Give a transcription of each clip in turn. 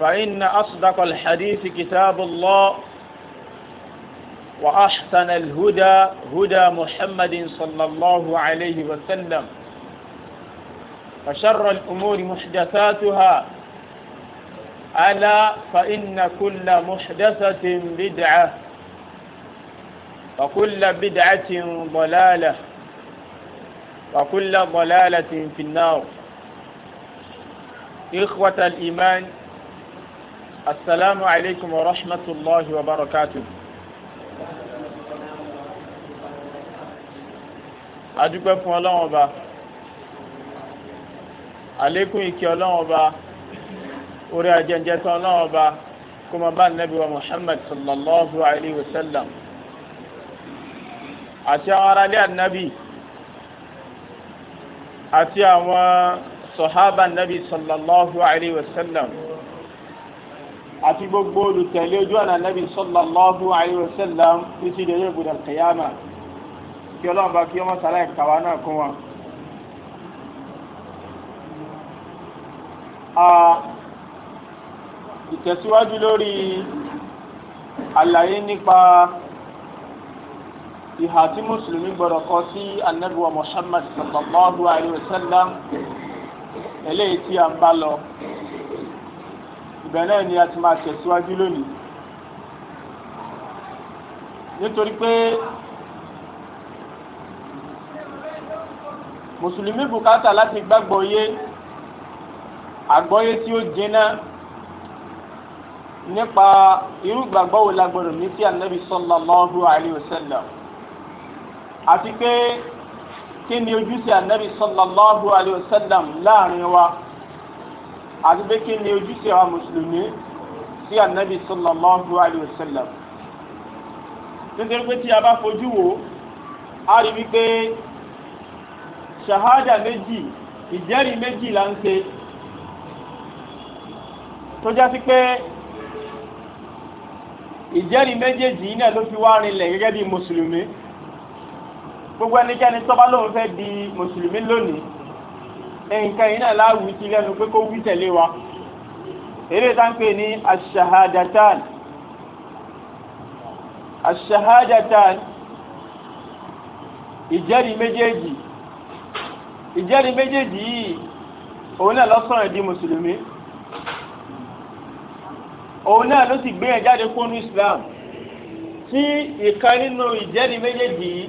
فإن أصدق الحديث كتاب الله وأحسن الهدى هدى محمد صلى الله عليه وسلم وشر الأمور محدثاتها ألا فإن كل محدثة بدعة وكل بدعة ضلالة وكل ضلالة في النار إخوة الإيمان السلام عليكم ورحمة الله وبركاته adúpẹ́ fún ọlọ́run ọba àlékún ìkẹ́ ọlọ́run ọba orí ajẹ́njẹ́ tán ọlọ́run ọba kó máa bá nàbí wa muhammad sallallahu alayhi wa sallam àti àwọn aráalé ànábì àti àwọn sọ̀hábà nàbí sallallahu alayhi wa sallam àti gbogbo olùtẹ̀lé ojú ọ̀nà nẹ́bí sallallahu alaihi wasallam títí dé yóò gbọdọ̀ kìyàmà kí ọlọ́run bá kí ọmọ sàlẹ̀ kàwá náà kún wọn. ìtẹ̀síwájú lórí àlàyé nípa ìhà tí mùsùlùmí gbọdọ̀ kọ sí anabiwa Muhammad sallallahu alaihi eléyìí tí a ń bá lọ ibẹ̀ náà ni a ti máa tẹ̀síwájú lónìí nítorí pé mùsùlùmí bùkátà láti gbàgbọ́ yé àgbọ́yé tí ó jiná nípa irú gbàgbọ́ wo la gbọ́dọ̀ ní sí anabi sallallahu alayhi wa sallam àti pé kí ni ojúṣe anabi sallallahu alayhi wa sallam láàrin wa àti pé kí ni ojúṣe àwọn mùsùlùmí sí ànábì sallallahu alayhi wa sallam nítorí pé tí a bá fojú wo a rí wípé ṣahada méjì ìjẹ́rìí méjì là ń ṣe tó jásí pé ìjẹ́rìí méjèèjì iná ló fi wá rinlẹ̀ gẹ́gẹ́ bí mùsùlùmí gbogbo ẹnikẹ́ni tó bá lóun fẹ́ di mùsùlùmí lónìí nǹkan yìí náà láwùí sí lẹ́nu pé kó wí tẹ̀lé wa eré tá ń pè ní aṣahadatan aṣahadatan ìjẹ́rìí méjèèjì ìjẹ́rìí méjèèjì yìí òun náà lọ́sọ̀rọ̀ di mùsùlùmí òun náà ló sì gbéyàn jáde fún Islam tí ìkan nínú ìjẹ́rìí méjèèjì yìí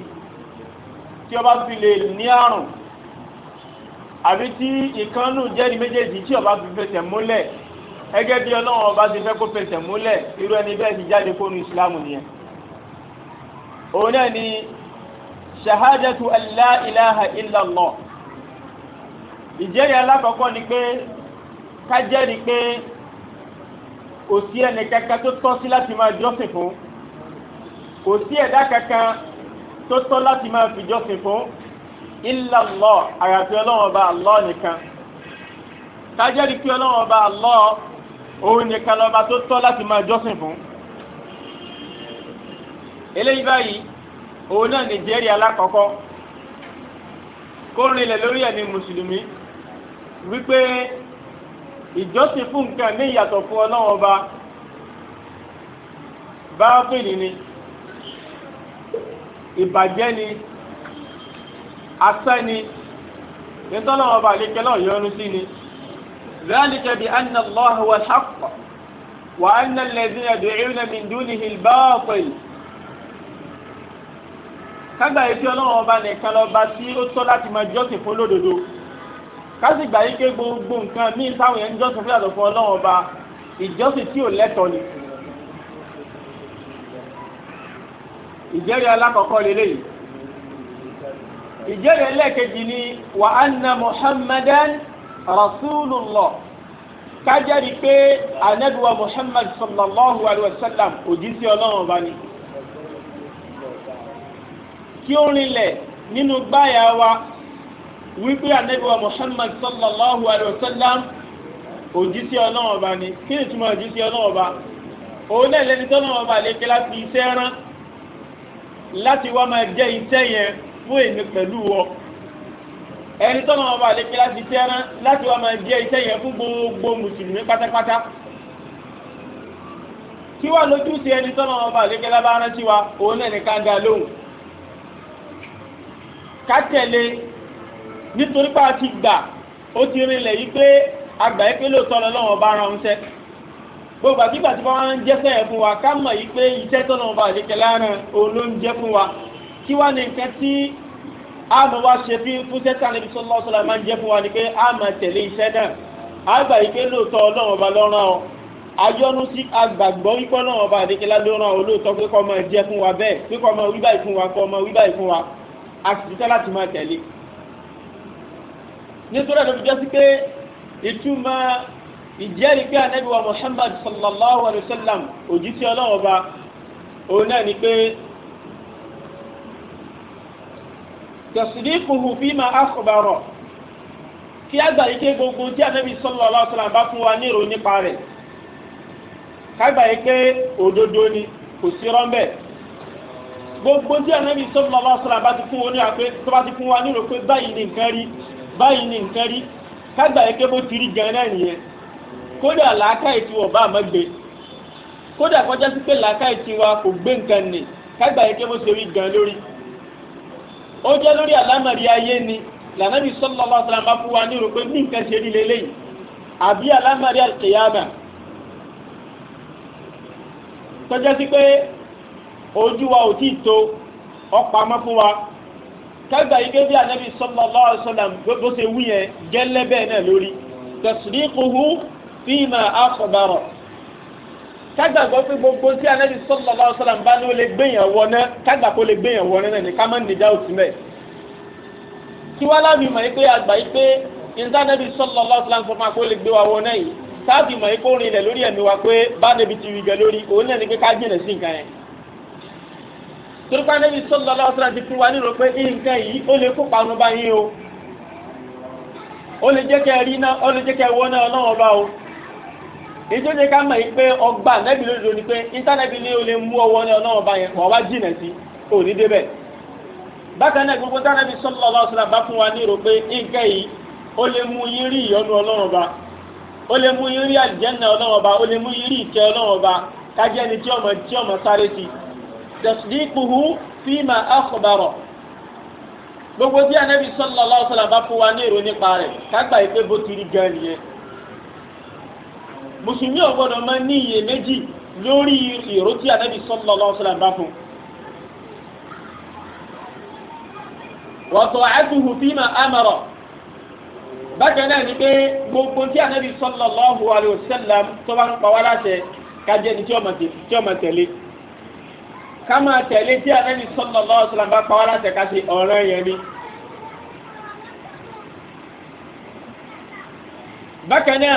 tí ó bá fi lè ní àrùn àbí tí ìkànnù jẹ́rìí méjèèjì tí ọba fi fẹsẹ̀ múlẹ̀ ẹgẹ́ bí ọlọ́run ọba ti fẹ́ kó fẹsẹ̀ múlẹ̀ irú ẹni bẹ́ẹ̀ ti jáde kónú ìsìlámù nìyẹn. òun náà ni shahadatu an la ilaha illallah ìjẹ́rìí alákọ̀ọ́kọ́ ni pé ká jẹ́rìí pé kò sí ẹnì kankan tó tọ́ sí láti máa jọ́sìn fún kò sí ẹ̀dá kankan tó tọ́ láti máa fi jọ́sìn fún illa Allah àyàfi ọlọ́run ọba Allah nìkan kájẹ́rìí pé ọlọ́run ọba Allah òun nìkan lọ́ba tó tọ́ láti máa jọ́sìn fún eléyìí báyìí òun náà ní jẹ́rìí alákọ̀ọ́kọ́ kó rinlẹ̀ lórí ẹ̀mí mùsùlùmí wípé ìjọsìn fún nǹkan ní ìyàtọ̀ fún ọlọ́run ọba báfìlì ni ìbàjẹ́ ni asẹ́ ni nítorí ọba àlékẹ́ náà yọnu sí ni ذلك بأن الله هو الحق وأن الذين يدعون من دونه الباطل kágbà yìí tí ọlọ́run ọba nìkan lọ́ba tí ó tọ́ láti máa jọ́sìn fún lódodo kásì gbà yìí pé gbogbo nǹkan míì táwọn alákọ̀ọ́kọ́ lélẹ́yìí ìjẹ́rìí ẹlẹ́ẹ̀kejì ni wa anna muhammadan rasulullah kájẹ́rì pé anabiwa muhammad sallallahu alayhi wa sallam òjíṣẹ́ ọlọ́run ọba ni kí ó rinlẹ̀ nínú gbáyà wa wípé anabiwa muhammad sallallahu alayhi wa sallam òjíṣẹ́ ọlọ́run ọba ni kí ni túmọ̀ òjíṣẹ́ ọlọ́run ọba òun náà lẹni tọ́lọ́run ọba lè kí láti iṣẹ́ rán láti wá máa jẹ́ iṣẹ́ yẹn fún èmi pẹ̀lú wọ ẹni tọ́nà ọba àlekè láti tẹ́rán láti wá máa jẹ́ iṣẹ́ yẹn fún gbogbo mùsùlùmí pátápátá kí wá lójú sí ẹni tọ́nà ọba àlekè lábára sí wa òun náà nìkan ga lóhùn ká tẹ̀lé nítorí pé a ti gbà ó ti rinlẹ̀ yí pé àgbà yìí pé lóòótọ́ lọ́wọ́ bá ara ń sẹ́ gbogbo àtìgbà tí wọ́n á ń jẹ́sẹ̀ fún wa ká mọ̀ yí pé iṣẹ́ tọ́nà ọba àlekè láàrin òun ló ń jẹ́ fún wa kí wá ní nǹkan tí a mọ̀ wá ṣe bí fúnṣẹ́ tí Ànábì sallallahu alaihi wasallam máa ń jẹ́ fún wa ni pé a máa tẹ̀lé iṣẹ́ náà a gbà yìí pé lóòótọ́ ọlọ́run ọba lọ́rán ọ ayọ́nu sí agbàgbọ́ wípé ọlọ́run ọba àdékẹ́lá lọ́rán ọ lóòótọ́ pé kó máa jẹ́ fún wa bẹ́ẹ̀ pé kó máa wí báyìí fún wa kó máa wí fún wa a sì ti tẹ́ láti máa tẹ̀lé nítorí àdó fi sí pé ìtumọ̀ ìjẹ́rìí pé Ànábì Muhammad sallallahu alaihi wasallam òjíṣẹ́ ọlọ́run ọba òun tẹ̀sídìkùhù fíìmà àkọ́bàrọ̀ kí a gbà ike gbogbo tí anabi sọlọ lọ sọlọ bá fún wa nírò nípa rẹ̀ ká òdodo ni kò sí rọ́ńbẹ́ gbogbo tí anabi sọlọ lọ sọlọ bá ti fún wa nírò pé tó bá ti fún wa nírò pé báyìí ni nǹkan rí báyìí ni nǹkan rí ká gbà ike bó ti rí gan náà nìyẹn kódà làákà ìtiwọ̀ bá àmọ́ gbé kódà kọjá sí pé làákà ìtiwọ̀ kò gbé nǹkan nì ká bó ti rí gan lórí ó jẹ́ lórí àlámọ̀rí ayé ni lànàbí sọ́lọ́ bá sọ́lá bá fún wa ní rògbé ní nǹkan ṣe rí lélẹ́yìn àbí àlámọ̀rí àkèyàmà tó jẹ́ sí pé ojú wa ò tí ì tó ọpamọ́ fún wa kẹgbà yìí bí ànábì sọ́lọ́ lọ́wọ́ bó ṣe wí yẹn gẹ́lẹ́ náà lórí tẹ̀sílẹ̀ kò fíìmà àkọ́bàrọ̀ kágbàgbọ́ pé gbogbo tí anabi sọ́lọ́ bá sọ́lá bá ní ó lè gbẹ̀yàn wọná kágbà kó lè gbẹ̀yàn wọná náà ní ká má nìjà òtún mẹ́. kí wá láàbì mọ̀ pé àgbà yìí pé níta anabi sọ́lọ́ bá sọ́lá sọ́lá kó lè gbé wa wọná yìí sáàbì mọ̀ pé ó rin ilẹ̀ lórí ẹ̀mí wa pé bá níbi ti wìgẹ̀ lórí òun náà ní pé ká jìnà sí nǹkan yẹn. torí pé anabi sọ́lọ́ bá sọ́lá ti fún wa nírò pé nǹkan yìí ó lè kópa ọ̀nà báyìí o ó lè jẹ́ kẹ́ rí náà ó lè jẹ́ kẹ́ wọ́n náà ọlọ́wọ́ bá o ìjọ́jẹ́ ká mọ̀ pé ọgbà nẹ́bí lórí lórí pé íńtánẹ́bí ní o lè mú ọwọ́ ní ọlọ́run bá yẹn wọ́n wá jìnà sí ò ní débẹ̀ bákan náà gbogbo tánẹ́bí sọ́lọ́ ọlọ́sọ́lá bá fún wa ní ìrò pé nǹkẹ́ yìí ó lè mú yín rí ìyọ́nú ọlọ́run bá ó lè mú yín rí àlùjánnà ọlọ́run bá ó lè mú yín rí ìkẹ́ ọlọ́run bá kájẹ́ ni tí ọmọ tí ọmọ sáré ti gbogbo tí ànẹ́bí sọ́lọ́ ọlọ́sọ́lá mùsùlùmí ò gbọ́dọ̀ máa ní iyèméjì lórí ìró tí ànábì sallallahu alaihi wasallam bá fún wa ta'atuhu fima amara bákan náà ni pé gbogbo tí ànábì sallallahu alaihi wasallam tó bá ń pa wá láṣẹ kájẹ́ ni tí ọmọ tẹ̀lé ká máa tẹ̀lé tí ànábì sallallahu alaihi wasallam bá pa wá láṣẹ ká ṣe ọ̀ràn yẹn ni. bákan náà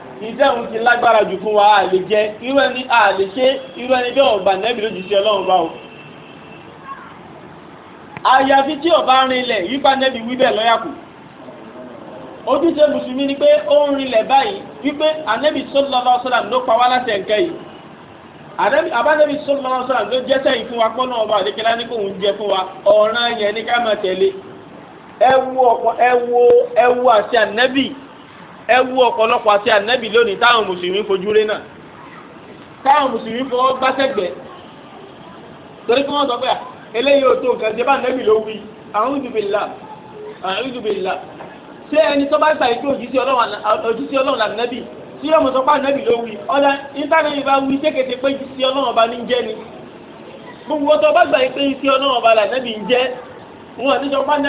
ìdáhùn ti lágbára jù fún wa a lè jẹ irú ẹni a lè ṣe irú ẹni bẹ́ẹ̀ ọ̀gbà nẹ́bí lójú sí ọlọ́run bá o. àyàfi tí ọba rinlẹ̀ yípa nẹ́bí wí bẹ́ẹ̀ lọ́yàkù ojúṣe mùsùlùmí ni pé ó ń rinlẹ̀ báyìí wípé anẹ́bí sallallahu alaihi wasallam ló pa wá láti ẹ̀ǹkẹ́ yìí abánẹ́bí sallallahu alaihi wasallam ló jẹ́ sẹ́yìn fún wa pọ́nà ọba àdékẹ́lá ní kò ń jẹ fún wa ọ̀ràn yẹn ní ká máa tẹ̀lé ẹ wo àti anẹ́bí ẹ wú ọ̀pọ̀lọpọ̀ àti ànábì lónìí táwọn mùsùlùmí fojú rí náà táwọn mùsùlùmí fọwọ́ gbá sẹ́gbẹ̀ torí kí wọ́n sọ pé à ah, eléyìí ò tó nǹkan ṣe bá ànábì ló wí a'udhu billah a'udhu billah ṣé ẹni tó bá gbà yìí pé òjíṣẹ́ ọlọ́run làǹnẹ́bì tí yóò mọ̀ sọ pé ànábì ló wí ọ̀dà íńtánẹ́ẹ̀tì bá wí sékèké pé ìṣẹ́ ọlọ́run ọba ní ni gbogbo ọtọ bá gbà yìí pé ìṣẹ́ ọlọ́run ọba làǹnẹ́bì ń jẹ́ wọn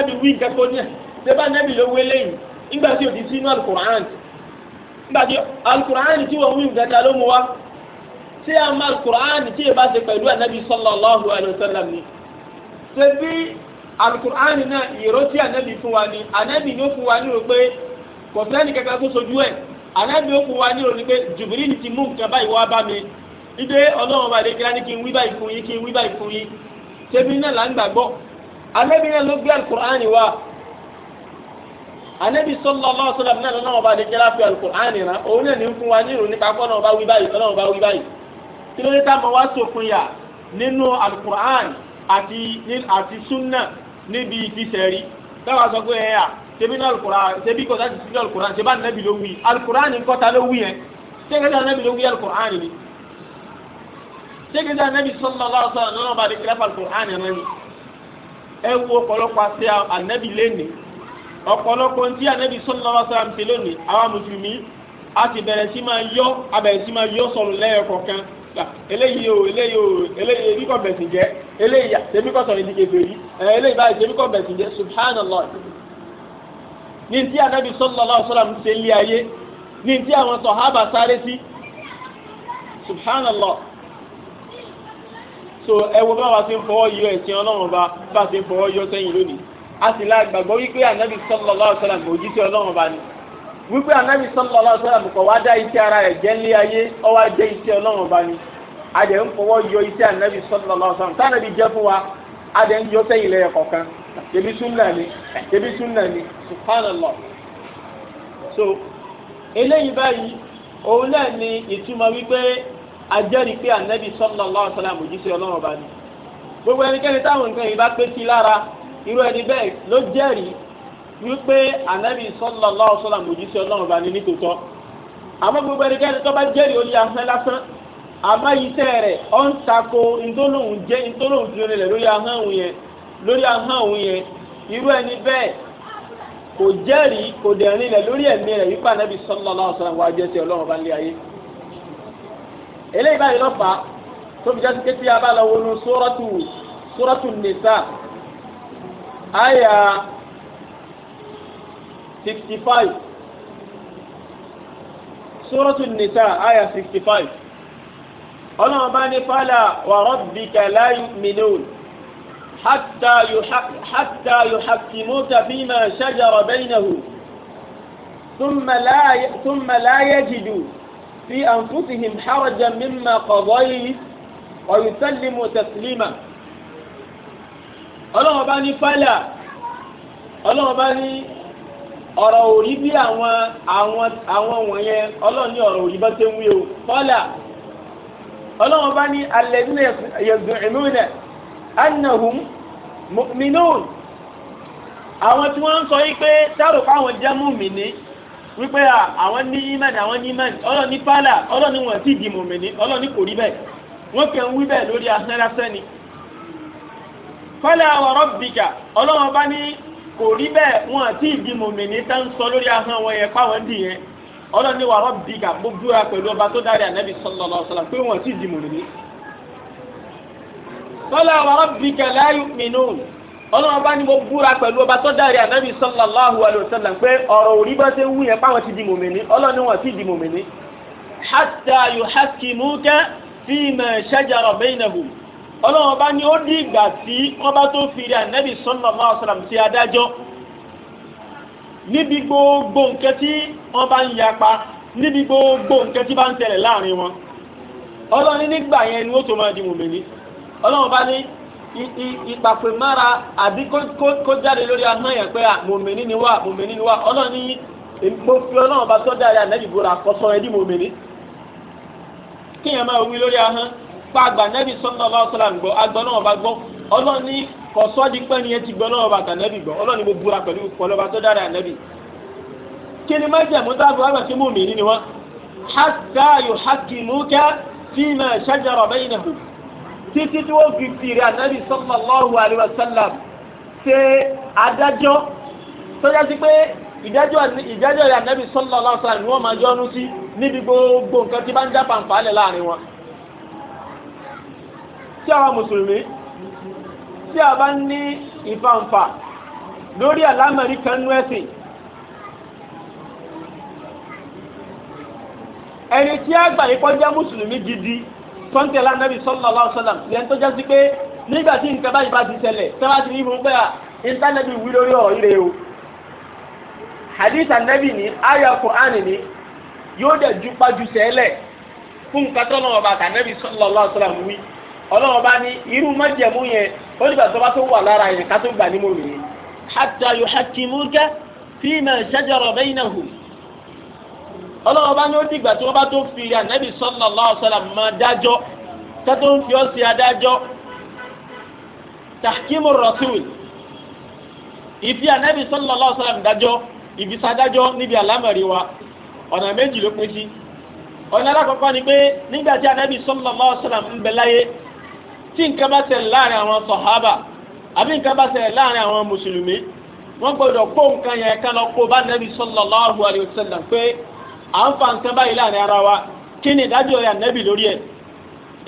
àti nígbà tí òdì sínú alukur'an nígbà tí alukur'an tí wọ́n wí nǹkan ta ló mu wá tí a máa alukur'an tí yẹ bá ṣe pẹ̀lú anabi sallallahu alayhi wa sallam ni ṣe bí alukur'an náà ìró tí anabi fún wa ni anabi ló fún wa ní o pé kò sẹ́ni kankan tó sojú ẹ̀ anabi ó fún wa ní o ní pé Jibril ti mú nǹkan báyìí wá bá mi ibe ọlọ́run bá dé kíra ní kí n wí báyìí fún yín kí n wí báyìí fún yín ṣe náà là ń gbàgbọ́ anabi náà ló gbé alukur'an wa anabi sallallahu alaihi wasallam náà lọ́wọ́ bá lè jẹ́lá fi alukur'ani rán òun náà ní fún wa ní ìròyìn nípa kọ́ náà bá wí báyìí ọlọ́run bá wí báyìí kí ló dé táwọn wá sókun yà nínú alukur'an àti àti sunna níbi ìfisẹ̀rí táwọn sọ pé ẹ̀yà ṣebí ní alukur'an ṣebí kọ́ láti sinú alukur'an ṣe bá nàbì ló wí alukur'an nǹkan ta ló wí yẹn ṣé kí nàbì ló wí alukur'an ni ṣé kí nàbì sallallahu alaihi wasallam náà bá lè jẹ́lá fi alukur'ani rán ni ẹ wo ọ̀pọ̀lọpọ̀ àti ànábì lẹ́nìí ọ̀pọ̀lọpọ̀ tí ànábì sallallahu alaihi wasallam ṣe lónìí àwọn mùsùlùmí a ti bẹ̀rẹ̀ sí máa yọ abẹ̀rẹ̀ sí máa yọ sọ̀rọ̀ lẹ́yọkọ̀ọ̀kan eléyìí o eléyìí o eléyìí ebi kọ bẹ̀sìn jẹ́ eléyìí tèmi kọ sọ̀rọ̀ ìdíje bèrí eléyìí báyìí tèmi subhanallah ní ti ànábì sallallahu alaihi wasallam ṣe lé ayé ní ti àwọn sọ̀hábà sáré sí subhanallah so ẹ wo bá wa ti ń fọwọ́ yọ ẹ̀sìn ọlọ́run bá bá ti ń fọwọ́ yọ sẹ́yìn lónìí a sì la gbàgbọ́ wípé ànábì sallallahu alaihi wasallam òjíṣẹ́ ọlọ́run bá ní wípé ànábì sallallahu alaihi wasallam kò wá dá iṣẹ́ ara rẹ̀ jẹ́ nílé ayé ó wá jẹ́ iṣẹ́ ọlọ́run bá ní adẹ̀ ń fọwọ́ yọ iṣẹ́ ànábì sallallahu alaihi wasallam tánàbì fún wa adẹ̀ ń yọ sẹ́yìn lẹ́yìn kọ̀ọ̀kan tẹ̀bí súnà ni tẹ̀bí súnà subhanallah so eléyìí báyìí òun náà ni ìtumọ̀ wípé ajẹ́rìí pé ànábì sallallahu alaihi wasallam òjíṣẹ́ ọlọ́run bá ní gbogbo ẹnikẹ́ni táwọn nǹkan yìí bá pé sí lára irú ẹni bẹ́ẹ̀ ló jẹ́rìí wípé ànábì sallallahu alaihi wasallam òjíṣẹ́ Ọlọ́run bá ní nítòótọ́ àmọ́ gbogbo ẹnikẹ́ni tó bá jẹ́rìí orí ahọ́n lásán àmọ́ iṣẹ́ rẹ̀ ọ ń tako ntọ́lóhùn jẹ́ ntọ́lóhùn tí ó rẹ̀ lórí ahọ́n òun yẹn lórí ahọ́n òun yẹn irú ẹni bẹ́ẹ̀ kò jẹ́rìí kò dẹ̀rin lẹ̀ lórí ẹ̀mí rẹ̀ wípé ànábì sallallahu alaihi wasallam wá jẹ́ sí aya 65 suratul nisa aya 65 ọlọ́run bá ní fàlà wà rabbika la yu'minun hatta yuhakkimuka fima shajara baynahum ثم لا يجدوا في أنفسهم حرجا مما قضيت ويسلموا تسليما ọlọ́run bá ní fálà ọlọ́run bá ní ọ̀rọ̀ òrí bí àwọn àwọn àwọn wọ̀nyẹn ọlọ́run ní ọ̀rọ̀ òrí bá ṣe ń wí o fálà ọlọ́run bá ní alladhina yaz'umuna annahum mu'minun àwọn tí wọ́n ń sọ wípé táàrò fáwọn jẹ́ mùmìnì wípé àwọn ní ìmánì àwọn ní ìmánì ọlọ́run ní fálà ọlọ́run ti di mùmìnì ọlọ́run ní kò rí bẹ́ẹ̀ wọ́n kẹ́ ń wí bẹ́ẹ̀ lórí ahọ́n ni fala wa rabbika ọlọ́wọ́n bá ní kò rí bẹ́ẹ̀ wọn àti ìdí mòmìnì tá ń sọ lórí ahọ́n wọn yẹn páwọn dì yẹn ọlọ́run ní wa rabbika gbogbo ẹ̀ pẹ̀lú ọba tó dárí ànábì sallallahu alaihi wasallam pé wọn àti ìdí mòmìnì. fala wa rabbika la yu'minun ọlọ́run bá ní mo búra pẹ̀lú ọba tó dárí ànábì sallallahu hatta yuhakkimuka fima shajara bainahum ọlọ́run bá ní ó dí ìgbà tí wọ́n bá tó fi rí ànábì sallallahu alaihi sí adájọ́ níbi gbogbo nǹkan tí wọ́n bá ń yapa níbi gbogbo nǹkan tí bá ń tẹ̀lẹ̀ láàrin wọn ọlọ́run nígbà yẹn ni ó tó máa di mùmìnì ọlọ́run bá ní ìpàpè mára àbí kó jáde lórí ahọ́n yẹn pé mùmìnì ni wà mùmìnì ni wà ọlọ́run ní mo fi ọlọ́run bá tọ́ dáadáa ànábì bóra kọ́sọ́ ẹ pa àgbà nẹ́bí sọ́nà ọba ọ̀sọ́là ń gbọ́ agbọ́ náà ọba gbọ́ ọlọ́ni kò sọ́ di pẹ́ nìyẹn ti gbọ́ náà ọba àtànẹ́bí gbọ́ ọlọ́ni mo búra pẹ̀lú ọlọ́ba tó dára ànẹ́bí. kí ni májẹ̀ mú dáàbò wá sí mú mi ní ni wọ́n. hatta yuhakkimuka fima shajara bainahum títí tí wọ́n fi fìrì ànẹ́bí sallallahu alaihi wasallam ṣe adájọ́ tó yá sí pé ìdájọ́ ìyá ànẹ́bí sallallahu alaihi wasallam ni wọ́n máa jọ́nu sí níbi gbogbo nǹkan tí bá ń já pàǹpà láàrin wọn. tí àwọn musulmi tí a bá ní ìfàǹfà lórí àlámẹ̀rí kan ẹ̀sìn ẹni tí a gbà yípo jẹ́ musulmi gidi tọ́ntẹ̀lá nàbì sallallahu alaihi lẹ́yìn tó jásí pé nígbà tí nǹkan báyìí bá ti tẹ́lá ti rí mú à wí o hadith anabi ni ayo Qur'an ni yóò dẹ̀ ju pàjù sẹ́lẹ̀ fún nǹkan tó lọ́wọ́ ọlọ́run bá ní irú májẹ̀mú yẹn ó nígbà tó bá tó wà lára yẹn ká tó gbà ní mòmí ni. hatta yuhakkimuka fima shajara baynahum. ọlọ́run bá ní ó dìgbà tó bá tó fi ànábì sallallahu alaihi wasallam máa dájọ́ ká tó ń fi ọ́ sí adájọ́ tahkimu rasul ìfi ànábì sallallahu alaihi wasallam dájọ́ ìfisadájọ́ níbi àlámọ̀rí wa ọ̀nà méjì ló pín sí ọ̀nà alákọ̀ọ́kọ́ ni pé nígbà tí ànábì sallallahu alaihi ń bẹ láyé tí nǹkan bá ṣẹlẹ̀ láàrin àwọn sọ̀hábà àbí nǹkan bá ṣẹlẹ̀ láàrin àwọn mùsùlùmí wọ́n gbọ́dọ̀ kó nǹkan yẹn ká lọ kó bá nẹ́bí sallallahu alaihi wasallam pé à ń fa nǹkan báyìí láàrin ara wa kí ni ìdájọ́ rẹ̀ nẹ́bí lórí ẹ̀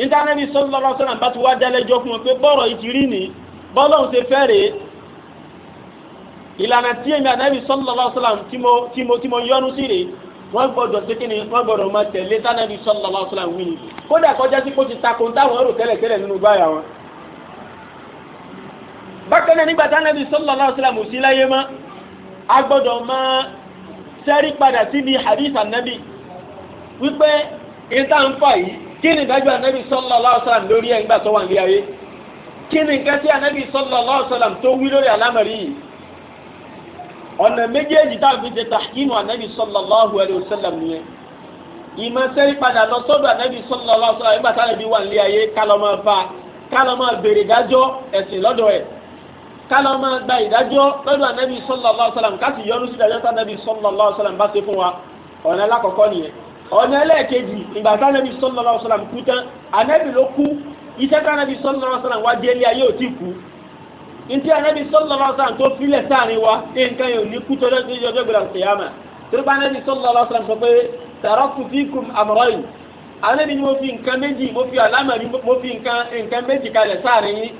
ìdánẹ́bí sallallahu alaihi wasallam bá ti wá dálẹ́jọ́ fún wọn pé bọ́ọ̀rọ̀ ìtìrí ni bọ́lọ́hùn ṣe fẹ́ rèé ìlànà tí èmi ànẹ́bí sallallahu alaihi wasallam tí mo yọnu sí rèé wọ́n gbọ́dọ̀ ṣe kí ni wọ́n gbọ́dọ̀ máa tẹ̀lé tánàbí sallallahu alaihi wasallam wí ni kódà kọjá sí kó ti takò táwọn rò tẹ́lẹ̀ tẹ́lẹ̀ nínú báyà wọn. bákan náà nígbà tánàbí sallallahu alaihi wasallam sí láyé mọ́ a gbọ́dọ̀ máa sẹ́rí padà síbi hadith anabi wípé ìta ń fà yìí kí ni ìdájọ́ anabi sallallahu alaihi wasallam lórí ẹ̀ ńgbà tó wà ní ayé kí ni nǹkan tí anabi sallallahu alaihi wasallam tó wí lórí alámọ̀rí yìí ọ̀nà méjèèjì táàbí ṣe tàkínú ànábì sallallahu alaihi wasallam nìyẹn ìmọ̀ sẹ́rí padà lọ sọ́dọ̀ ànábì sallallahu alaihi wasallam nígbà táwọn ibi wà nílé ayé kálọ̀ máa bá kálọ̀ máa béèrè ìdájọ́ ẹ̀sìn lọ́dọ̀ ẹ̀ kálọ̀ máa gba ìdájọ́ lọ́dọ̀ ànábì sallallahu alaihi wasallam káàsì yọnu sí ìdájọ́ tánábì sallallahu alaihi wasallam bá ṣe fún wa ọ̀nà alákọ̀ọ́kọ́ nìyẹn ọ̀nà ẹlẹ́ẹ̀kejì ìgbà tánábì sallallahu alaihi wasallam kú tán ntí anabi sọlọlọ sàn tó filẹ̀ sáàrin wa nǹkan yóò ní kú tọ́jọ́ sí ọjọ́ gbèrà kìyàmà torípa anabi sọlọlọ sàn sọ pé taraktu fikum amrayn anabi ni mo fi nǹkan méjì mo fi alámàrí mo fi nǹkan méjì kalẹ̀ sáàrin yín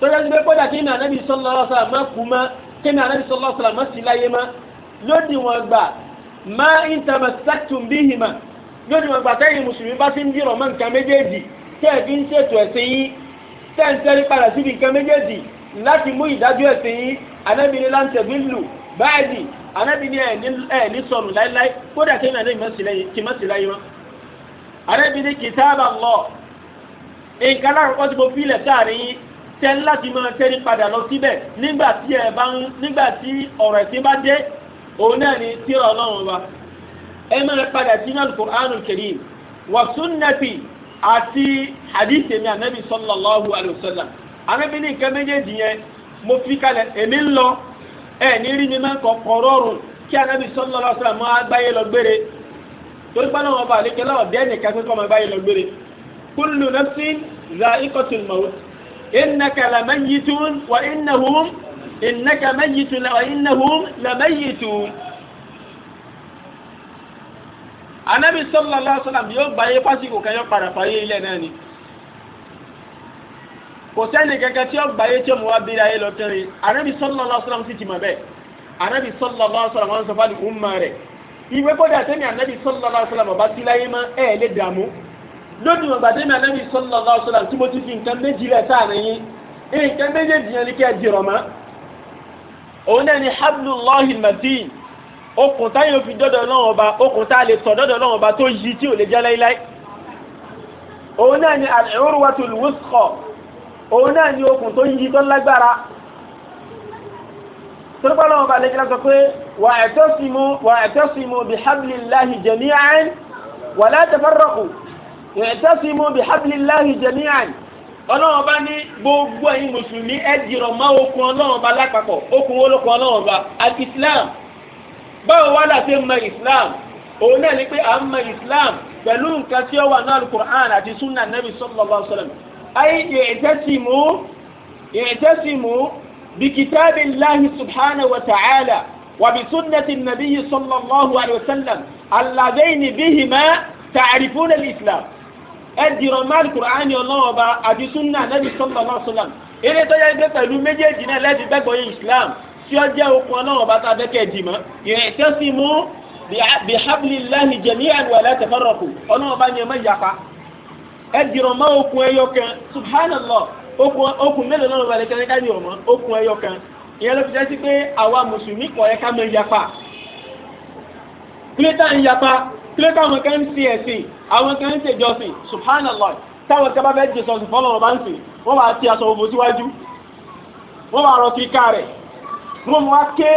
tọ́jọ́ sí pé kódà kí ni anabi sọlọlọ sàn má kú má kí ni anabi sọlọlọ sàn má sí láyé má lódì wọn gbà má ń tàbà sàktum bíhìmà lódì wọn gbà tẹ́yìn mùsùlùmí bá fi ń ṣètò ẹ̀sìn yín tẹ́ẹ̀ ń tẹ́rí padà síbi nǹkan méjèèjì láti mú ìdájọ́ ẹ̀sìn yìí anábì ní láǹtẹ̀ bílù báyìí anábì ní ẹ̀ ní sọnù láíláí kódà kí nàá ní kì má sí láyé wọn. anábì ní kìtáàbà lọ nǹkan alákọ̀ọ́kọ́ tí mo fi ilẹ̀ sáàrin yìí tẹ́ láti máa tẹ́rí padà lọ síbẹ̀ nígbà tí ẹ̀ bá ń nígbà tí ọ̀rọ̀ ẹ̀sìn bá dé òun náà ni tírà ọlọ́run wa ẹ máa padà sínú alukur'anul karim wa sunnati àti hadith anábí ní nǹkan méjèèjì yẹn mo fi kalẹ̀ èmi ń lọ ẹ ní rí mi máa ń kọ̀ọ̀kọ̀ rọrùn kí anábí sọ́nà lọ́sọ̀rọ̀ àmọ́ agbáyé lọ gbére torí pé náà wọn bá àlékè láwọn bí ẹnì kan kọ́ máa gbáyé lọ gbére kullu nafsin za'iqatul maut innaka lamayyitun wa innahum innaka mayyitun wa innahum lamayyitun anábí sọ́nà lọ́sọ̀rọ̀ àmọ́ yóò gbáyé fásitì kò kẹ́yọ́ padà kò sẹ́ni kẹ́kẹ́ tí ó gbáyé tí ó mú wá bí ayé lọ kẹrin anábì sallallahu alaihi wasallam sì ti mọ̀ bẹ́ẹ̀ anábì sallallahu alaihi wasallam wọn sọ fáli umma rẹ̀ ìwé kódà tẹ́mi anábì sallallahu alaihi wasallam ọba tí láyé má ẹ̀ lé dààmú lódì wọn gbàdé mi anábì sallallahu alaihi tí mo ti fi nǹkan méjì lẹ̀ sáàrin yín nǹkan méjèèjì yẹn ni kẹ́ ẹ dìrọ̀ mọ́ òun náà ni hablullahi matin okùn táyọ̀ fi dọ́dọ̀ náà ọba okùn tá ni al-urwatul òun náà ni okùn tó yí tó lágbára tọ́lọ́pọ̀lọ́ ọba lẹ́gbẹ̀rẹ́ sọ pé wà ẹ̀tọ́símú bí hablillahi jami'an wà látẹ̀fẹ́rọ̀kù ẹ̀tọ́símú bí hablillahi jami'an ọlọ́wọ́n bá ní gbogbo ẹ̀yin mùsùlùmí ẹ̀dìrọ̀ mọ́ okùn ọlọ́wọ́n bá lápapọ̀ okùn olókùn ọlọ́wọ́n bá àti islam báwo wá láti mọ islam òun náà ni pé à ń mọ islam pẹ̀lú nǹkan tí ó wà náà alukur'an àti sunna nabi sallallahu أي يعتسموا يعتسموا بكتاب الله سبحانه وتعالى وبسنة النبي صلى الله عليه وسلم اللذين بهما تعرفون الإسلام ẹdìrọ̀ máàlì kùránì ọlọ́wọ́ bá àdìsúnà lẹ́bi sọ́lọ́ náà sọ́lá eré tọ́jà gbé pẹ̀lú méjèèjì náà lẹ́bi gbẹ́gbọ́ yé Islam tí ó jẹ́ okun ọlọ́wọ́ bá tàbí kẹ́ẹ̀dì mọ́ ìrìn tẹ́sí mú bihablillahi jami'an wala tafarraqu ọlọ́wọ́ bá ní ọmọ ìyapa ẹdìrọ̀ mọ́ okùn ẹyọ kan subhanallah okùn mélòó náà balẹ̀ kan ká dìrọ̀ mọ́ okùn ẹyọ kan ìyẹn ló fi jẹ́ sí pé àwa mùsùlùmí kọ̀ ẹ̀ka mọ ìyapa kílẹ̀tà ń yapa kílẹ̀tà àwọn kan ń ṣe ẹ̀sìn àwọn kan ń ṣe ìjọsìn subhanallah táwọn kan bá fẹ́ jẹ sọ̀tún fọlọ́run bá ń sìn wọ́n bá ti aṣọ òfò síwájú wọ́n bá rọ kíkà rẹ̀ wọ́n mú wá ké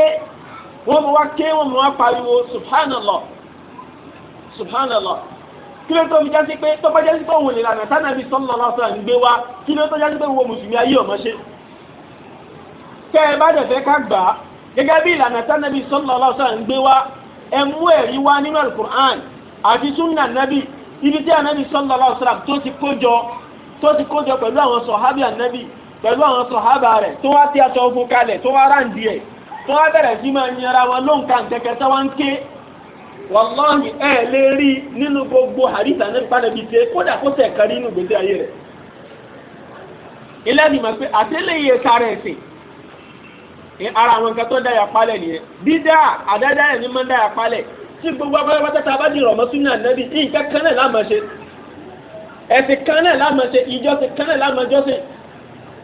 wọ́n mú wá ké wọ́n mú wá pariwo subhanallah subhanallah kí ló tó fi jásí pé tó bá jásí pé òun lè lànà tánàbí sọ́nà lọ́sọ̀ ń gbé wá kí ló tó jásí pé wo mùsùlùmí ayé ọmọ ṣe kẹ́ ẹ bá dẹ̀fẹ́ ká gbà á gẹ́gẹ́ bí ìlànà tánàbí sọ́nà lọ́sọ̀ ń gbé wá ẹ mú ẹ̀rí wá nínú alukur'an àti sunna nabi ibi tí anabi sọ́nà lọ́sọ̀ tó ti kó jọ tó ti kó jọ pẹ̀lú àwọn sọ̀hábì anabi pẹ̀lú àwọn sọ̀hábà rẹ̀ tó wá tí aṣọ ogun kalẹ̀ tó wá ráǹdì ẹ̀ tó wá bẹ̀rẹ̀ sí máa nyẹra wọn lóǹkà kẹ̀kẹ́ sáwọn ké wàláhì ẹ lè rí nínú gbogbo hadith nípa bí tí kódà kó tẹ̀ kárí nínú gbèsè ayé rẹ̀ ilé ẹni mọ̀ pé àtẹ́lẹ̀ yẹ sára ẹ̀sìn ní ara àwọn nǹkan tó dáyà nìyẹn dídá tí gbogbo abẹ́rẹ́ bá tẹ́ta bá di ìrọ̀mọ́ súnmọ́ ànábì nǹkan kan náà láàmọ̀ ṣe ẹ̀sìn kan náà láàmọ̀ ṣe ìjọsìn kan náà jọ́sìn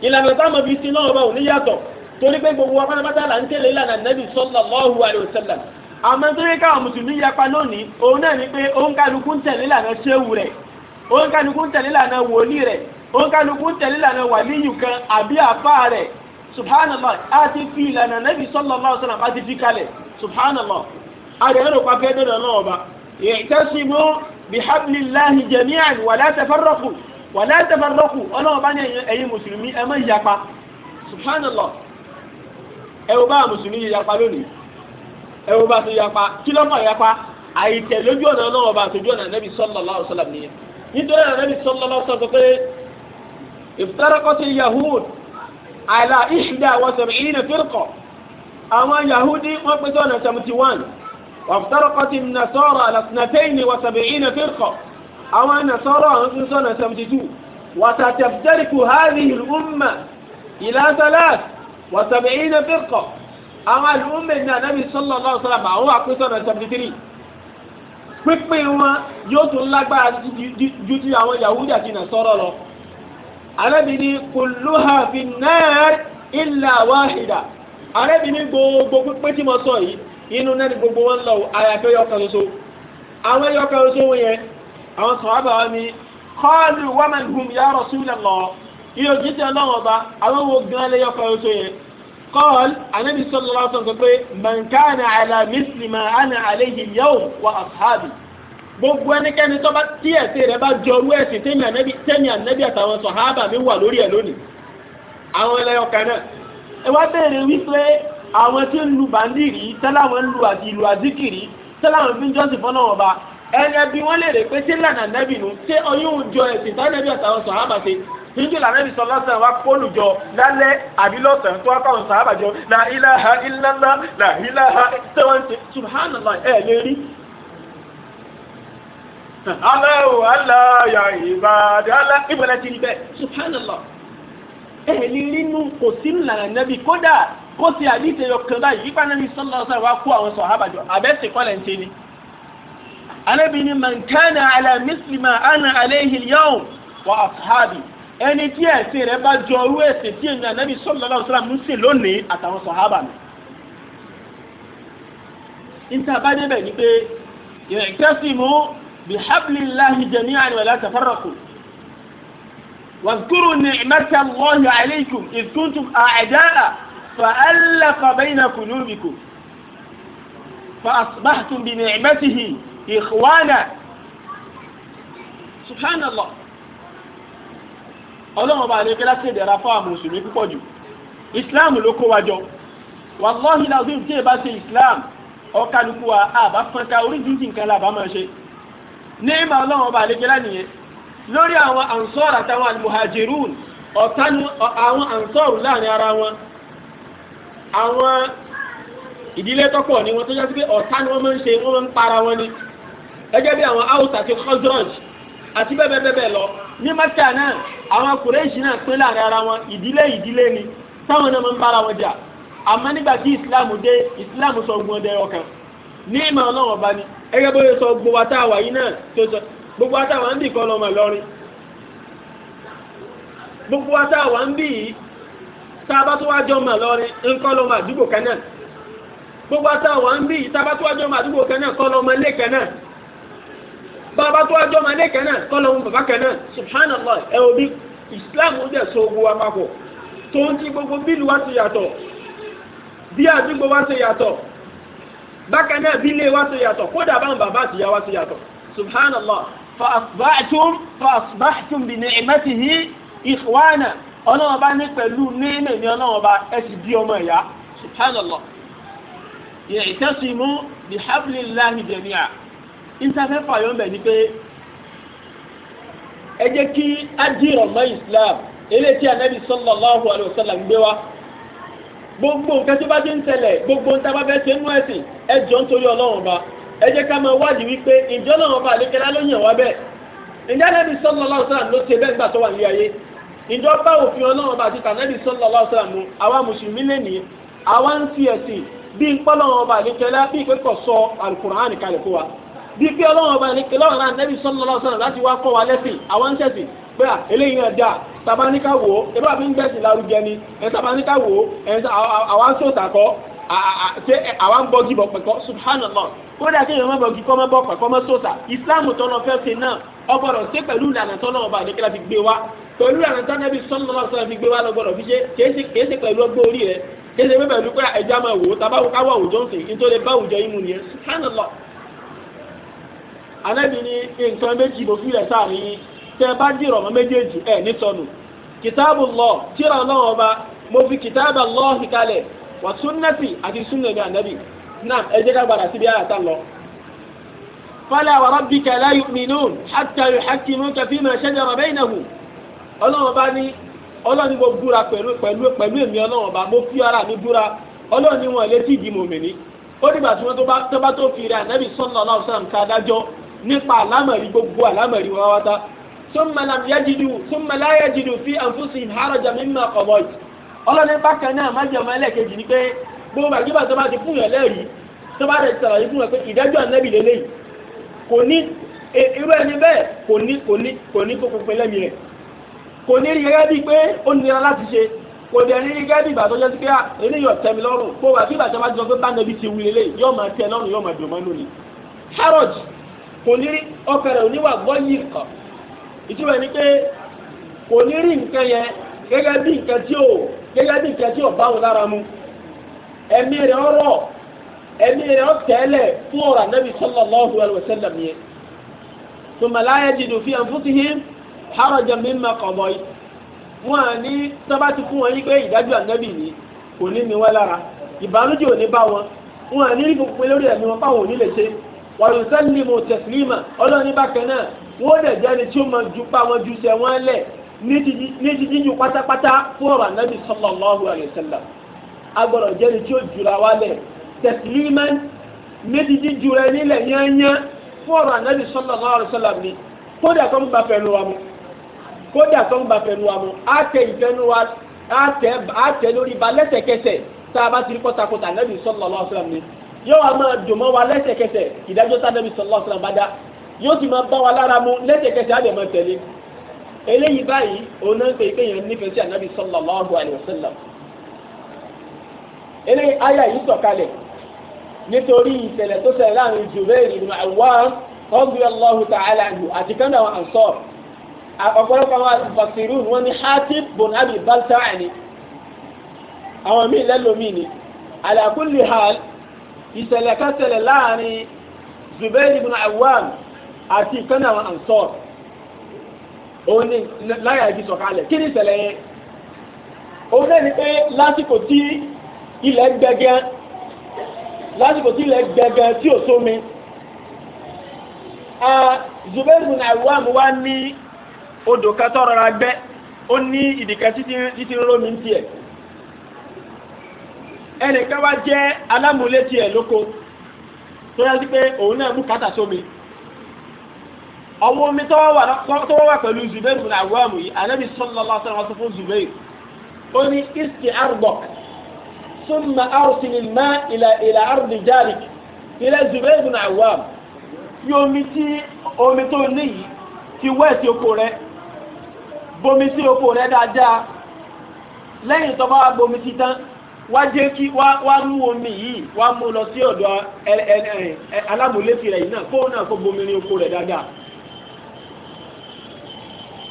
ìlànà táwọn torí pé gbogbo abẹ́rẹ́ bá tẹ́ta là ń tẹ̀lé ìlànà ànábì àmọ́ tó yẹ káwọn mùsùlùmí yapa lónìí òun náà ni pé òun kálukú ń tẹ̀lé lànà ṣéwù rẹ̀ òun kálukú ń tẹ̀lé lànà wòlíì rẹ̀ òun kálukú ń tẹ̀lé lànà wàlíyù kan àbí àfá rẹ̀ subhanallah a ti fi ìlànà nẹ́bí sallallahu alaihi wasallam a ti fi kalẹ̀ subhanallah a rẹ̀ rò pa fẹ́ẹ́ dọ̀dọ̀ náà yapa lónìí ẹ̀wọ̀n bá tó yapa kí lọ́mọ yapa àìtẹ̀ lójú ọ̀nà náà bá tójú ọ̀nà nẹ́bí sallallahu alaihi wasallam nìyẹn nítorí ọ̀nà nẹ́bí sallallahu alaihi wasallam pé iftaraqati yahud ala ihda wa sab'ina firqa àwọn yahudi wọ́n pèsè ọ̀nà seventy one waftaraqati nasara ala ithnatayni wa sab'ina firqa àwọn nasara àwọn pèsè ọ̀nà seventy two وستفترق هذه الأمة إلى ثلاث وسبعين فرقة àwọn alùmọ́mẹ́ ní anábì sọ́lọ́ náà sọ́lá mà àwọn àpéjọ náà seventy three pínpín wọn yóò tún lágbára ju ti àwọn yahudi àti nasọ́rọ̀ lọ anábì ní kulluha fi nar illa wahida anábì ní gbogbo pínpín tí mo sọ yìí inú náà ni gbogbo wọn lọ àyàfi ọyọkan ṣoṣo àwọn ẹyọkan ṣoṣo wọn yẹn àwọn sọ̀rọ̀ bàbá mi kọ́ọ̀lù waman hum ya rasulullah ìyókì قال النبي صلى الله عليه وسلم من كان على مثل ما أنا عليه اليوم وأصحابي gbogbo ẹnikẹ́ni tó bá tí ẹ̀sìn rẹ̀ bá jọrú ẹ̀sìn tẹ́mi ànẹ́bí àtàwọn sọ̀hábà mi wà lórí ẹ̀ lónìí àwọn ẹlẹ́yọ kan náà ẹ wá béèrè wípé àwọn tí ń lu bàndìrì tẹ́láwọn ń lu àti ìlú àzíkìrì tẹ́láwọn fi ń jọ́sìn fọ́nà wọn bá ẹni ẹbí wọn lè rè pé tí lànà ànẹ́bí nu ṣé ọyún jọ ẹ̀sìn tánẹ́bí àtàwọn sọ̀hábà ṣe níjọ́ lànàbí sọ lọ́sàn wa kólùjọ lálẹ́ àbí lọ́sàn tó wá káwọn sàábàjọ la ilaha illallah la ilaha seventy subhanallah ẹ̀ lè rí. aláwo aláya ìbàdàn alá ìbọ̀lẹ̀ ti rí bẹ́ẹ̀ subhanallah ẹ̀ lè rí nù kò sí nìlànà nàbí kódà kó ti àdìtẹ̀ yọ kan báyìí yípa nàbí sọ́lọ́sàn ni anabini man ana alayhi al wa ashabi ẹni tí ẹ̀sìn rẹ̀ bá jọ orú ẹ̀sìn tí èmi ànábì sallallahu alaihi wasallam ń sìn lónìí àtàwọn sàhábà mi. níta bá débẹ̀ ni pé ìrẹ̀kẹ́sìmù bihablillahi jami'an wa la tafarraqu. واذكروا نعمة الله عليكم إذ كنتم أعداء فألف بين قلوبكم فأصبحتم بنعمته إخوانا سبحان الله ọlọ́run bá lè kẹ́lá sí ìdẹ̀ra fún àwọn mùsùlùmí púpọ̀ jù islam ló kó wa jọ wàláhì làwọn tí ìbá ṣe islam ọkàlùkù wa àbá fọ́nká oríṣiríṣi nǹkan làbá máa ṣe ní ìmọ̀ ọlọ́run bá lè kẹ́lá nìyẹn lórí àwọn ansọ́ọ̀rù àtàwọn almuhajirun ọ̀tánu àwọn ansọ́ọ̀rù láàrin ara wọn àwọn ìdílé tọ́pọ̀ ni wọ́n tó jẹ́ sí pé ọ̀tánu wọn máa ń ṣe wọ́n máa ń para wọn ni gẹ́gẹ́ bí àwọn haúsá àti khazraj àti bẹ́ẹ̀ bẹ́ẹ̀ bẹ́ẹ̀ lọ ní mẹ́kà náà àwọn kùrẹ́ṣì náà pín láàrin ara wọn ìdílé ìdílé ni táwọn náà máa ń bára wọn jà àmọ́ nígbà tí ìsìláàmù dé ìsìláàmù sọ ogun ọdẹ ọkàn ní ìmọ̀ ọlọ́wọ̀n bá ní ẹgbẹ́ sọ gbogbo àtàwà yìí náà tó sọ gbogbo àtàwà ń bì kọ́ lọ́mọ gbogbo àtàwà ń bì yìí jọ mọ̀ lọ́rin ń kọ́ lọ́mọ àdúgbò kan gbogbo àtàwà ń bì yìí jọ mọ̀ àdúgbò kan náà kọ́ lọ́mọ ilé kan bàbá tó wájọ́ máa lé kẹ́nà kọ́lọ̀ ohun bàbá kẹ́nà subhanallah ẹ ò bí islam ó dẹ̀ so ogun wa papọ̀ tó ń ti gbogbo bílù wa ti yàtọ̀ bí àdúgbò wa ti yàtọ̀ bákan náà bí ilé wa ti yàtọ̀ kódà bá ń bàbá àti ìyá wa ti yàtọ̀ subhanallah fa asbahtum fa asbahtum bi ni'matihi ikhwana ọlọ́wọ́ bá ní pẹ̀lú ní mẹ̀mí ọlọ́wọ́ bá ẹ sì bí ọmọ ìyá subhanallah ya'tasimu bihablillahi jami'a ìtafẹ́ fàyọ̀ mẹ́ ni pé ẹ jẹ́ kí adìrọ̀ mọ́ Islam eléyìí tí anabi sallallahu alayhi wa sallam gbé wa gbogbo nǹkan tó bá ti ń ṣẹlẹ̀ gbogbo nǹkan tó bá fẹ́ ṣe nú ẹ̀sìn ẹ jọ ń torí ọlọ́run ọba ẹ jẹ́ ká máa wádìí wípé ìjọ náà ọba àlékelá ló yàn wá bẹ́ẹ̀ ìjọ anabi sallallahu alayhi wa sallam ló ṣe bẹ́ẹ̀ nígbà tó wà nílé ayé ìjọ bá òfin ọlọ́run ọba àti tànàbì sallallahu alayhi wa sallam mu àwa mùsùlùmí lè ní àwa ń fi ẹ̀sìn bí ìpọ́lọ́run ọba àlékelá bí ìpẹ́kọ̀ sọ Al-Qur'an kalẹ̀ fún bí pé ọlọ́run ọba ní kílọ́run náà nẹ́bí sọ́nà lọ́sọ̀rọ̀ láti wá kọ́ wa lẹ́sìn àwọn ń tẹ̀sìn pé à eléyìí náà dáa tabaníkà wò ó ebí àfi ń gbẹ̀sìn lárugẹ ni ẹ̀ tabaníkà wò ó ẹ̀ ṣe àwa bọ́gì bọ̀ pẹ̀kọ́ subhanallah kódà kí èèyàn má bọ̀gì kọ́ má bọ̀ pẹ̀kọ́ má sòtà ìsìláàmù tọ́lọ fẹ́ ṣe náà ọgbọ́dọ̀ ṣe pẹ̀lú ìlànà tọ́lọ ọba àdékẹ́lá fi gbé wa pẹ̀lú ìlànà tánẹ́bí sọ́nà lọ́sọ̀rọ̀ fi gbé wa lọ́gbọ́dọ̀ fi ṣe kìí ṣe pẹ̀lú ọgbọ́ orí rẹ̀ kìí ṣe pẹ̀lú pé ẹja máa wò ó tàbáwò káwọ̀ àwùjọ ń sìn nítorí bá àwùjọ yín mu nìyẹn subhanallah alẹ́bi ni nkan meji ló fílẹ̀ sáàrin yín tẹ́ ba bá dìrọ̀ mọ́ lọ tíra lọ ọba mo fi kitabu lọ ìkalẹ̀ wà súnnẹ́sì àti súnnẹ́mì ànábì náà ẹ jẹ́ ká gbàdá síbi àyàtà lọ. fala wa rabbika la yu'minun hatta yuhakkimuka fima shajara baynahum ọlọ́run mo ọba mo fi ara mi wọn ó dìgbà tí tó bá tó fi nípa àlámọ̀rí gbogbo àlámọ̀rí wọn wá tá summa la yajidu fi anfusihim harajan mimma qadayt ọlọ́ni bákan náà májèmọ́ ẹlẹ́kejì ni pé gbogbo àgbébà tó bá ti fún yàn lẹ́rìí tó bá rẹ̀ sàlàyé fún yàn pé ìdájọ́ ànábì lélẹ́yìí kò ní e, irú ẹni bẹ́ẹ̀ kò ní kò ní kò ní kó pínpín lẹ́mìí rẹ̀ kò ní rí gẹ́gẹ́ bíi pé ó nira láti ṣe kò dẹ̀ rí gẹ́gẹ́ bíi ìgbà tó jẹ́ sí pé ah, eléyìí ọ̀tẹ́ mi lọ́rùn gbogbo àgbébà tó bá ti sọ pé bá kò ní rí ọkàn rẹ̀ oníwà gbọ́ yìí kọ, ìtumọ̀ ni pé kò ní rí nǹkan yẹn gẹ́gẹ́ bí nǹkan tí ò gẹ́gẹ́ bí nǹkan tí ò bá lára mu ẹ̀mí rẹ̀ ọ̀rọ̀ ẹ̀mí rẹ̀ ọ̀tẹ́lẹ̀ fún ọ̀rọ̀ ànábì sallallahu alaihi wasallam yẹn thumma fi anfusihim harajan ní sábà ti fún wọn yí pé ni kò wọn lára wàyùsẹ́lìmù tẹ̀sílìmà ọlọ́ni bákan náà wọ́n dẹ̀ jẹ́ni tí ó máa ju pa àwọn ju sẹ́ wọ́n lẹ̀ ní jíjíjú pátápátá fún ọ̀rọ̀ anábì sallallahu alaihi wasallam agbọ̀rọ̀ jẹ́ni tí ó jura wa lẹ̀ tẹ̀sílìmà ní jíjíjú rẹ̀ nílẹ̀ yányá fún ọ̀rọ̀ anábì sallallahu alaihi wasallam ni kódà tó ń ba fẹ́ nu wa mu kódà tó ń ba fẹ́ nu wa mu á tẹ ìfẹ́ nu wa á tẹ lórí ba lẹ́sẹ̀kẹsẹ̀ tá a bá sallallahu alaihi wasallam yóò wá máa dùn mọ́ wa lẹ́sẹ̀kẹsẹ̀ ìdájọ́ sádẹ́bí sọlọ́ ọ̀sán àbádá yóò sì máa bá wa lára mu lẹ́sẹ̀kẹsẹ̀ á dẹ̀ máa tẹ̀lé eléyìí báyìí òun náà ń pè pé yẹn nífẹ̀ẹ́ sí ànábì sallallahu alaihi wasallam eléyìí ayà yìí sọ̀kalẹ̀ nítorí ìṣẹ̀lẹ̀ tó ṣẹlẹ̀ láàrin Jubair ibn Awwam radiyallahu ta'ala anhu àti kánà àwọn Ansar ọ̀pọ̀lọpọ̀ àwọn ìṣẹ̀lẹ̀ kan ṣẹlẹ̀ láàrin Zubair ibn Awwam àti ìkànnì àwọn Ansar òun ni láyà igi sọ̀kalẹ̀ kí ni ìṣẹ̀lẹ̀ yẹn òun náà ni pé lásìkò tí ilẹ̀ gbẹgẹ́ lásìkò tí ilẹ̀ gbẹgẹ́ tí ò sómi Zubair ibn Awwam wá ní odò kan tó rọra gbẹ́ ó ní ìdìkan títí rómi tiẹ̀ ẹnìkan wá jẹ́ alámúlétí ẹ̀ lóko tó yá sí pé òun náà mú kátà sómi ọwọ́ omi tó wà pẹ̀lú Zubair bin Awam yìí anábì sallallahu alaihi wasallam fún Zubair ó ní isti arbok summa arsil ma ila ila ardi jalik ila Zubair bin Awam yí omi tí omi tó ní yìí ti wẹ́ẹ̀sì oko rẹ̀ bomi sí oko rẹ̀ dáadáa lẹ́yìn tó bá bomi sí tán wá jẹ́ kí wá mú omi yìí wá mú lọ sí ọ̀dọ̀ alámúlétì rẹ̀ yìí náà kóun náà kó bomi ní oko rẹ̀ dáadáa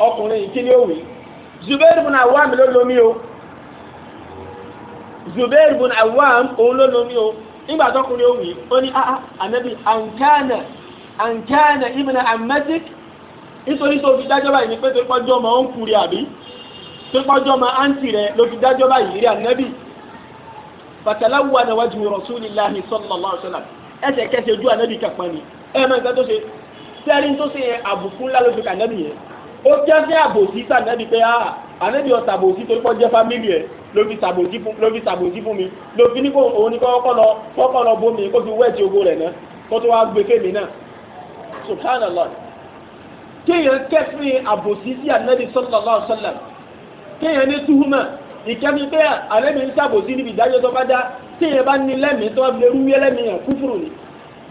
ọkùnrin kí ni ó wí Zubair bin Awam ló lomi o Zubair bin Awam òun ló lomi o nígbà tọkùnrin ó wí ó ní áá ah, ah, ànábì àǹkáànà àǹkáànà ibn amadik nítorí tó fi dájọ́ báyìí ni pé tó pọ́jọ́ ọmọ ó ń kúri àbí tó pọ́jọ́ ọmọ àǹtí rẹ̀ ló fi dájọ́ báyìí rí ànábì fatalawa na wájú rasulillahi sallallahu alaihi wasallam ẹsẹ̀ kẹsẹ̀ ojú anabi kàpá ni ẹ mọ nǹkan tó ṣe sẹ́rí tó ṣe yẹn àbùkù ńlá ló fi kà nẹ́bi yẹn ó jẹ́ fẹ́ àbòsí anabi ọ̀ sàbòsí torí pọ́ jẹ́ fámìlì ẹ̀ ló fi sàbòsí fún ló fi mi ló fi ní kó òun ní kọ́kọ́ lọ kọ́kọ́ lọ bomi kó fi wẹ́ẹ̀tì ogo rẹ̀ náà kó tó wá gbé kémi náà subhanallah kéèyàn kẹ́fìn àbòsí sí anabi sallallahu alaihi kéèyàn ní túhùmọ̀ ìkẹ́mi pé alẹ́mi ń ṣàbòsí níbi ìdájọ́ tó bá dá tí èèyàn bá ní lẹ́mìí tó lè rú yẹ lẹ́mìí yàn kúfùrù ni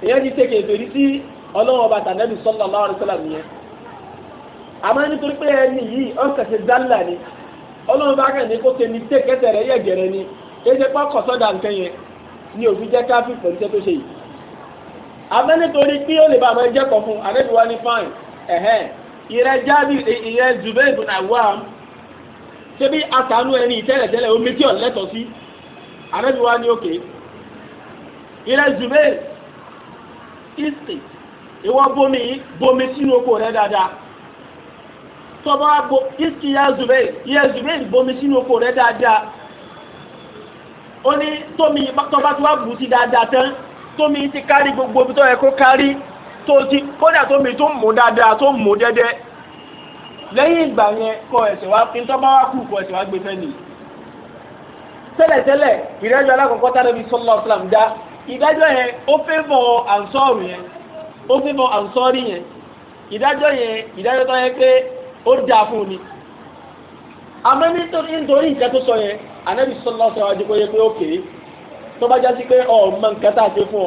èèyàn ti ṣe kèfèrí sí ọlọ́wọ́ bàtà nẹ́bí sọ́lá ọlọ́wọ́ àdìsọ́lá nìyẹn àmọ́ nítorí pé ẹni yìí ọ̀kẹ́ ṣe dálà ni ọlọ́wọ́ bá kàn ní kó ṣe ní tẹ́kẹ́tẹ̀ rẹ̀ yẹ gẹ̀rẹ́ ni kéde pọ́ kọ̀sọ́dà nǹkan yẹn ni òfin jẹ́ káfí pẹ̀lú tẹ́ tó ṣe yìí àmọ́ nítorí pé ó lè bá àwọn ẹjẹ́ kọ̀ fún àdébíwá ní fáìn ẹ̀hẹ́n ìrẹ́jáde ṣé bí asàánú ẹni ìtẹ́lẹ̀tẹ́lẹ̀ omi tí ọ̀lẹ́tọ̀ sí ànábì wa ní òkè ilẹ̀ zubair isti ìwọ bomi bomi sínú oko rẹ dáadáa tọ́ba bo isti ya zubair ya zubair bomi sínú oko rẹ dáadáa ó ní tómi tọ́ba tí wàá bù sí dáadáa tán tómi ti kárí gbogbo ibi tó yẹ kó kárí tó ti kódà tómi tó mú dáadáa tó mú dẹ́dẹ́ lẹ́yìn ìgbà yẹn kọ ẹ̀sẹ̀ wá kí n tọ́ bá wá kú kọ ẹ̀sẹ̀ wá gbé fẹ́ nìyí. tẹ́lẹ̀tẹ́lẹ̀ ìrẹ́jọ alákọ̀ọ́kọ́ tánàbí sọ́lá ọ̀sán dá ìdájọ́ yẹn ó fẹ́ bọ̀ ànsọ́ọ̀rù yẹn ó fẹ́ bọ̀ ànsọ́ọ̀rì yẹn ìdájọ́ yẹn ìdájọ́ tó yẹ pé ó dáa fún ni. àmọ́ nítorí ìjà tó sọ yẹn ànábì sọ́lá ọ̀sán wájú kó yẹ pé ókè tó bá jásí pé ọ̀ mọ nǹkan tá a ṣe fún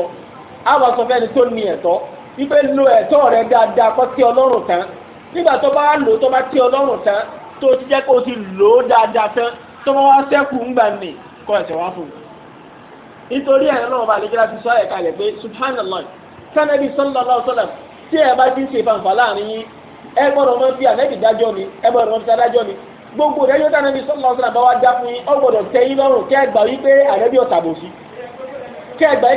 ọ nígbà tó bá lò tó bá tí ọlọ́run tán tó ti jẹ́ kó ti lò ó dáadáa tán tó bá wá sẹ́kù ń gbà mí kọ́ ẹ̀sẹ̀ wá fún un. nítorí ẹ̀rọ náà bá lẹ́jọ́ láti sọ ẹ̀ kalẹ̀ pé subhanallah sanabi sallallahu sallam tí ẹ bá ti ń ṣe fanfa láàrin yín ẹ gbọ́dọ̀ mọ fi ànẹ́bì dájọ́ mi ẹ gbọ́dọ̀ mọ fi dájọ́ mi gbogbo ìdájọ́ sanabi sallallahu sallam bá wá dá fún yín ọ gbọ́dọ̀ tẹ́ yín lọ́rùn kẹ́ gbà wípé ànẹ́bì ọ̀tà bò sí kẹ́ gbà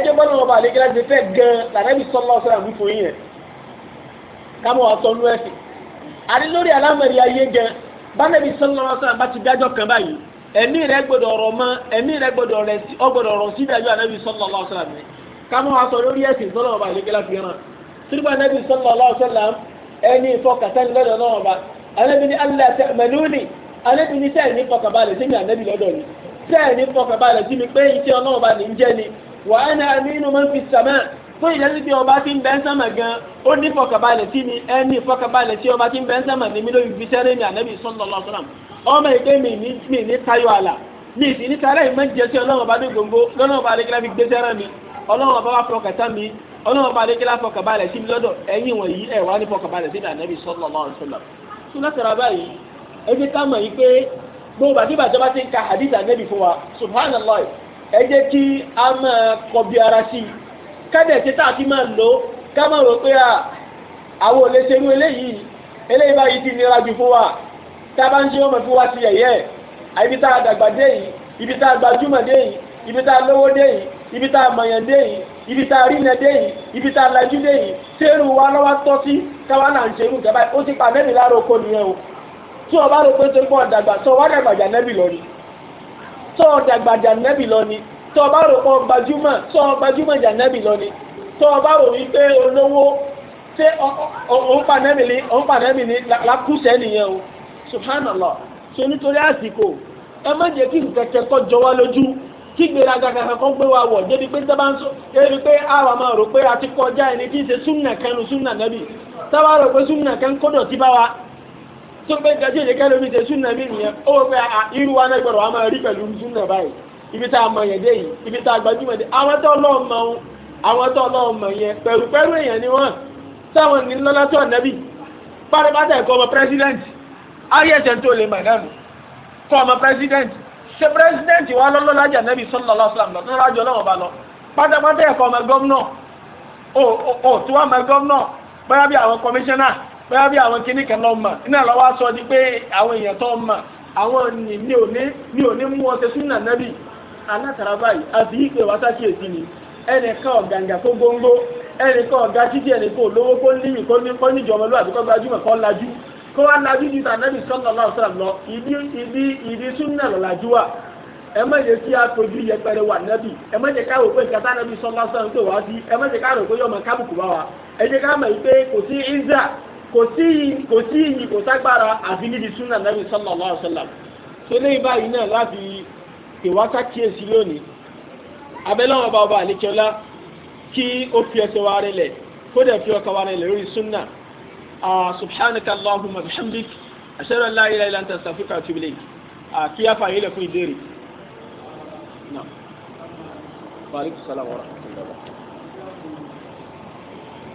gan-an sallallahu sallam wí fún yín rẹ̀ wa sọ nú àní lórí alámọ̀rí ayé jẹ bánẹ́bí sallallahu alaihi wasallam bá ti dájọ́ kan báyìí ẹ̀mí rẹ̀ gbọ́dọ̀ ọ̀rọ̀ mọ́ ẹ̀mí rẹ̀ gbọ́dọ̀ ọ̀rọ̀ sí dájọ́ ànábì sallallahu alaihi wasallam kámọ́ wa sọ lórí ẹ̀sìn sọ́nà ọba àlejòlá fi hàn sígbà ànábì sallallahu alaihi wasallam ẹni ìfọkàtàn lọ́dọ̀ náà ọba ànábì ní Allah ta'manuni ànábì ní sẹ́ẹ̀ ní fọkàbalẹ̀ sí mi ànábì lọ́dọ̀ ni sẹ́ẹ̀ ní fọkàbalẹ̀ sí mi pé iṣẹ́ ọlọ́ọ̀ba ní ń jẹ́ ni wà á ní aminu man fi samaa tó ìjẹ́sí bí ọba tí ń bẹ́ ń sánmà gan ó ní fọkàbalẹ̀ tí mi ẹ ní fọkàbalẹ̀ tí ọba tí ń bẹ́ ń sánmà ní mi lórí fisẹ́rẹ́ mi ànábì sallallahu alaihi ọmọ ìgbé mi ní ní tayọ àlà ní ìsì ní tayọ ìmọ̀ jẹ́ sí ọlọ́run ọba dé gbòǹgbò lọ́nà ọba adékẹ́lá fi gbéṣẹ́ rán mi ọlọ́run ọba wa fọkàtà mi ọlọ́run ọba adékẹ́lá fọkàbalẹ̀ sí mi lọ́dọ̀ ẹ̀yìn wọ̀nyí ẹ̀ wá ní fọkàbalẹ̀ kẹ́dẹ̀ títà tí máa lò ká máa rò pé àwọn ò eléyìí eléyìí báyìí ti nira jù fún wa tá a bá ń ṣe ọmọ fún wa ti yẹ̀yẹ́ ibi tá a dàgbà dé yìí ibi tá a gbajúmọ̀ dé yìí ibi tá a lówó dé yìí ibi tá a mọ̀yàn dé yìí ibi tá a rìnà dé yìí ibi tá a lajú dé yìí sẹ́rù wa lọ́wọ́ tọ́ sí káwa náà ń ṣerú ìjọba ó ti pa mẹ́rin lára oko nìyẹn o tí o bá rò pé tó ń pọ̀ dàgbà tó wá dàgbà jà nẹ́bì lọ ni tó dàgbà jà nẹ́bì lọ ni tó o bá rò pọ̀ gbajúmọ̀ tó o gbajúmọ̀ jà nẹ́bì lọ ni tó o bá rò wípé olówó ṣé òun pa nẹ́bì ní òun pa nẹ́bì ní lákùsẹ́ nìyẹn o subhanallah ṣe nítorí àsìkò ẹ má jẹ́ kí kẹ̀kẹ́ kọ́ jọ wá lójú kí gbéraga kankan kọ́ gbé wa wọ̀ débi pé sábà ń sọ débi pé àwa máa rò pé a ti kọjá ẹni tí ń ṣe súnà kanu súnà nẹ́bì sábà rò pé súnà kan kódọ̀ sí bá wa tó pé gàdí èdè kẹlẹ́ omi ṣe súnà mí nìyẹn ó wọ pé irú wa náà gbọ́dọ̀ wa máa rí pẹ̀lú súnà báyìí ibi tá a mọ yẹn dé yìí ibi tá a gbajúmọ̀ dé àwọn tó lọ́ọ́ mọ ohun àwọn tó lọ́ọ́ mọ yẹn pẹ̀rùpẹ̀rù èèyàn ni wọ́n sáwọn ní lọ́lá tó ànábì pátápátá ẹ̀kọ́ ọmọ president ayé ẹ̀sẹ̀ tó lè mà náà kọ́ ọmọ president ṣe president wa lọ́lọ́ lájà ànábì sallallahu alaihi wasallam tó lájọ lọ́wọ́ bá lọ pátápátá ẹ̀kọ́ ọmọ gómìnà ò tí wọ́n mọ gómìnà bóyá bí àwọn commissioner bóyá bí àwọn kìnnìkan lọ́ọ́ mọ̀ iná lọ́wọ́ sọ di pé àwọn èèyàn tó mọ̀ àwọn ní mi ò ní mú ọ alátara báyìí àti ìpè wá sákìyèsí ni ẹnìkan ọ̀gàǹgà tó góńgó ẹnìkan ọ̀gá títí ẹnìkan olówó kó níyìn kó ní kó níjọ ọmọlúwàbí kó gbajúmọ̀ kó lajú kó wá lajú ju tànẹ́bì sọ́nà náà sọ̀rọ̀ lọ ibi ibi ibi súnmọ́ lọ lajú wa ẹ má yẹ kí a tójú yẹpẹrẹ wà nẹ́bì ẹ má jẹ ká rò pé nǹkan tánẹ́bì sọ́nà sọ̀rọ̀ tó wá sí ẹ má jẹ ká rò pé yọmọ kábùkù bá wa ẹ jẹ ká mọ̀ pé kò sí ìzà kò sí iyì kò ságbára àfi níbi súnmọ́ nẹ́bì sọ́nà náà sọ̀rọ̀ ìwáṣà kíyèsí lónìí abẹ́láwọn bá ọba àníkẹ́ọ́lá kí ó fi ẹsẹ̀ wa rẹlẹ̀ kó dẹ̀ fi ọkà wa rẹlẹ̀ lórí súnà subhanaka allahumma bihamdik ashhadu an la ilaha illa anta astaghfiruka wa atubu ilayk kí á fààyè lẹ̀ fún ìbéèrè. Wa alaikum salaam wa rahmatullahi